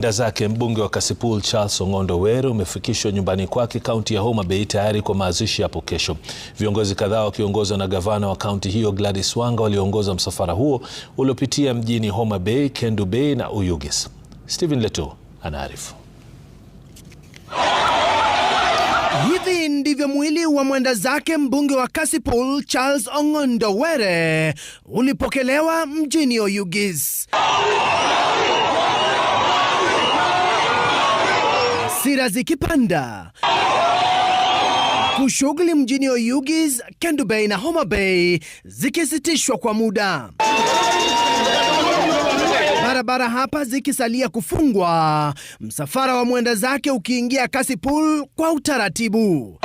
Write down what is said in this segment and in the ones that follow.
da zake mbunge wa Kasipul Charles Ong'ondo Were umefikishwa nyumbani kwake kaunti ya Homa Bay tayari kwa mazishi hapo kesho. Viongozi kadhaa wakiongozwa na gavana wa kaunti hiyo Gladys Wanga waliongoza msafara huo uliopitia mjini Homa Bay, Kendu Bay na Uyugis. Stephen Leto anaarifu. Hivi ndivyo mwili wa mwenda zake mbunge wa Kasipul Charles Ong'ondo Were ulipokelewa mjini Oyugis. hasira zikipanda kushughuli mjini Oyugis, Kendu Bay na Homa Bay zikisitishwa kwa muda, barabara hapa zikisalia kufungwa, msafara wa mwenda zake ukiingia Kasipul kwa utaratibu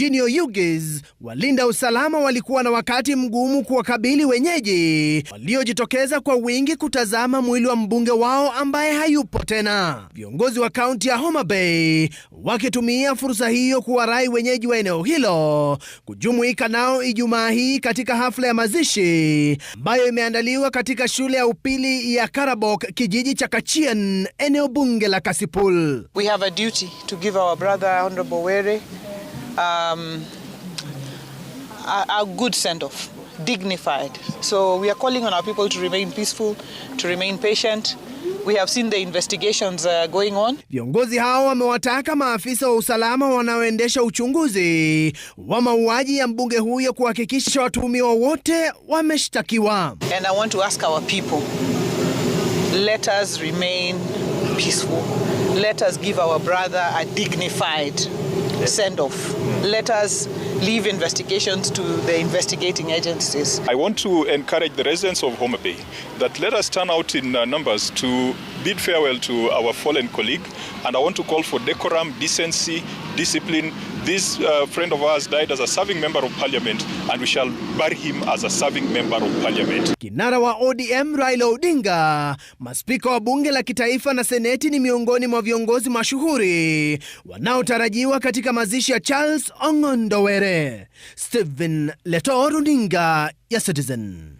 mjini Oyugis, walinda usalama walikuwa na wakati mgumu kuwakabili wenyeji waliojitokeza kwa wingi kutazama mwili wa mbunge wao ambaye hayupo tena. Viongozi wa kaunti ya Homa Bay wakitumia fursa hiyo kuwarai wenyeji wa eneo hilo kujumuika nao Ijumaa hii katika hafla ya mazishi ambayo imeandaliwa katika shule ya upili ya Karabok, kijiji cha Kachien, eneo bunge la Kasipul. We have a duty to give our brother Honorable Were um, a, a good send off, dignified. So we are calling on our people to remain peaceful, to remain patient. We have seen the investigations uh, going on. Viongozi hao wamewataka maafisa wa usalama wanaoendesha uchunguzi wa mauaji ya mbunge huyo kuhakikisha watuhumiwa wote wameshtakiwa. And I want to ask our people, let us remain peaceful. Let us give our brother a dignified send off. Let us leave investigations to the investigating agencies. I want to encourage the residents of Homa Bay that let us turn out in uh, numbers to bid farewell to our fallen colleague, and I want to call for decorum, decency, discipline. This uh, friend of ours died as a serving member of parliament, and we shall bury him as a serving member of parliament. Kinara wa ODM Raila Odinga, maspika wa bunge la kitaifa na seneti, ni miongoni mwa viongozi mashuhuri wanaotarajiwa katika mazishi ya Charles Ong'ondo Were. Mabere, Stephen Leto, runinga ya Citizen.